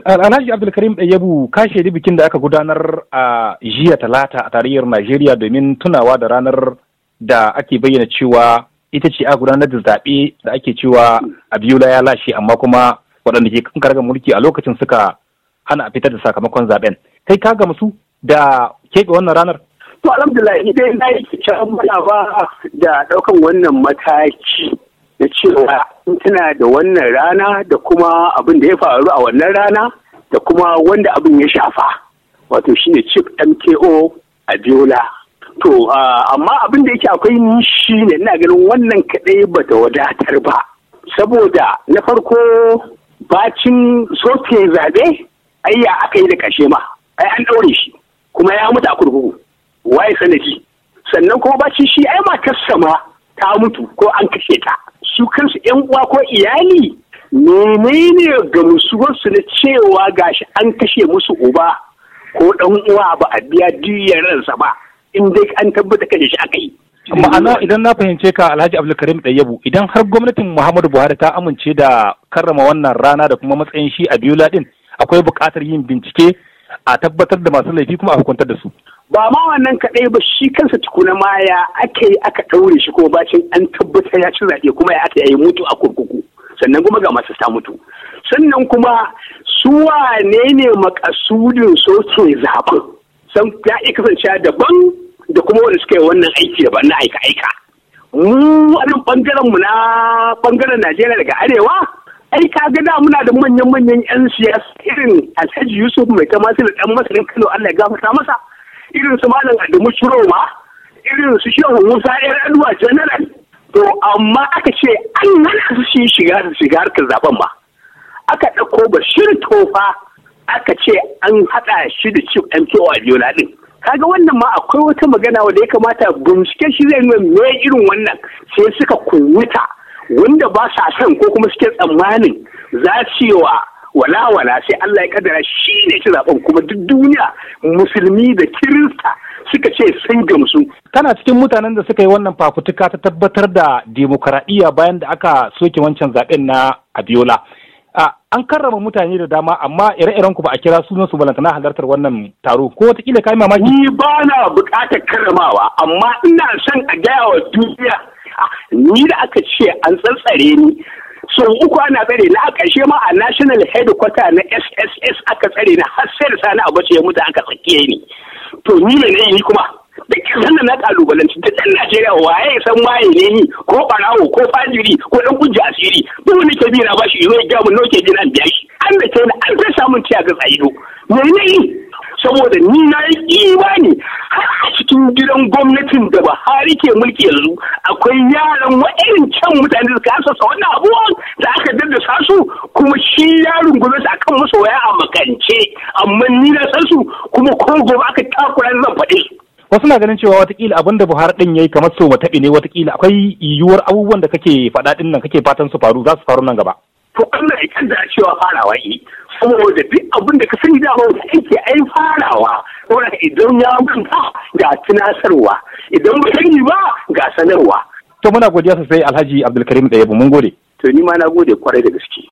Alhaji Abdulkarim Ɗayyabu ka shaidi bikin da aka gudanar a jiya talata a tarayyar Najeriya domin tunawa da ranar da ake bayyana cewa ita ce a gudanar da zaɓe da ake cewa a Abiola ya lashe amma kuma waɗanda ke kan karagar mulki a lokacin suka hana a fitar da sakamakon zaɓen. Kai ka ga musu da keɓe wannan ranar? To alhamdulillah idan na yi kyakkyawan ba da ɗaukan wannan mataki na cewa tuna da wannan rana da kuma abin da ya faru a wannan rana da kuma wanda abin ya shafa wato shine chief mko biola to ah, amma abin da yake akwai ni shine ina ganin wannan kaɗai bata wadatar ba saboda na farko bacin soke zaɓe ayya aka yi da kashe ma ai an ɗaure shi kuma ya mutu a kurkuku waye sanadi sannan kuma bacin shi ai matar sama ta mutu ko an kashe ta su kansu yan uwa ko iyali menene ga su na cewa gashi an kashe musu uba ko dan uwa ba a biya diyyar ransa ba in dai an tabbata kan shi aka yi ma'ana idan na fahimce ka alhaji abdulkarim ɗayyabu idan har gwamnatin muhammadu buhari ta amince da karrama wannan rana da kuma matsayin shi a biyu ladin akwai buƙatar yin bincike a tabbatar da masu laifi kuma a hukuntar da su ba ma wannan kaɗai ba shi kansa tukuna ma ya ake yi aka ɗaure shi ko bacin an tabbatar ya ci zaɓe kuma ya aka yi mutu a kurkuku sannan kuma ga masu ta mutu sannan kuma su wane ne makasudin soke zaɓen san ya iya kasancewa daban da kuma wanda suka yi wannan aiki daban na aika-aika mu a bangaren mu na bangaren Najeriya daga arewa ai ka ga da muna da manyan manyan yan siyasa irin Alhaji Yusuf mai kama da dan masarin Kano Allah ya gafarta masa irin su malam adamu ma, irin su shehu musa yar aduwa general to amma aka ce an nana su shi shiga da shiga harkar zaben ba aka ɗauko bashir tofa aka ce an haɗa shi da chief mko a biyola ɗin kaga wannan ma akwai wata magana wanda ya kamata bincike shi zai nuna me irin wannan sai suka kunwuta wanda ba sa son ko kuma suke tsammanin za wa wala wala sai Allah ya kaddara shi ne ci zaben kuma duk duniya musulmi da kirista suka ce sun gamsu tana cikin mutanen da suka yi wannan fafutuka ta tabbatar da demokaraɗiyya bayan da aka soke wancan zaben na Abiola an karrama mutane da dama amma ire-iren ku ba a kira sunan su balantana halartar wannan taro ko wataƙila kai mamaki ni ba na buƙatar karramawa amma ina son a gaya wa duniya ni da aka ce an tsantsare ni so uku ana tsare na a ƙarshe ma a national headquarter na sss aka tsare na har sai da sani ce ya mutu aka tsakiye ni to ni ne ne yi kuma da kisan na kalubalanci duk ɗan Najeriya waye ya san waye ne ni ko barawo ko fajiri ko Dan kujja asiri duk wani ke bina ba shi zo ya gamu nauke an biya shi an da kai an ta samun tiya ga tsayido me ne yi saboda ni na yi imani har a cikin gidan gwamnatin da Buhari ke mulki yanzu akwai yaran wa'in can mutane da suka hasasa wannan bakance amma ni na san su kuma ko gobe aka takura zan faɗi wasu na ganin cewa watakila abin da buhari din yayi kamar so mataɓe ne watakila akwai yiwuwar abubuwan da kake faɗa din nan kake fatan su faru za su faru nan gaba to Allah ya canza cewa farawa yi saboda duk abin da ka sani da ba wata ake ai farawa saboda idan ya manta ga tunasarwa idan ba sani ba ga sanarwa to muna godiya sosai Alhaji Abdulkarim yabo mun gode to ni ma na gode kwarai da gaske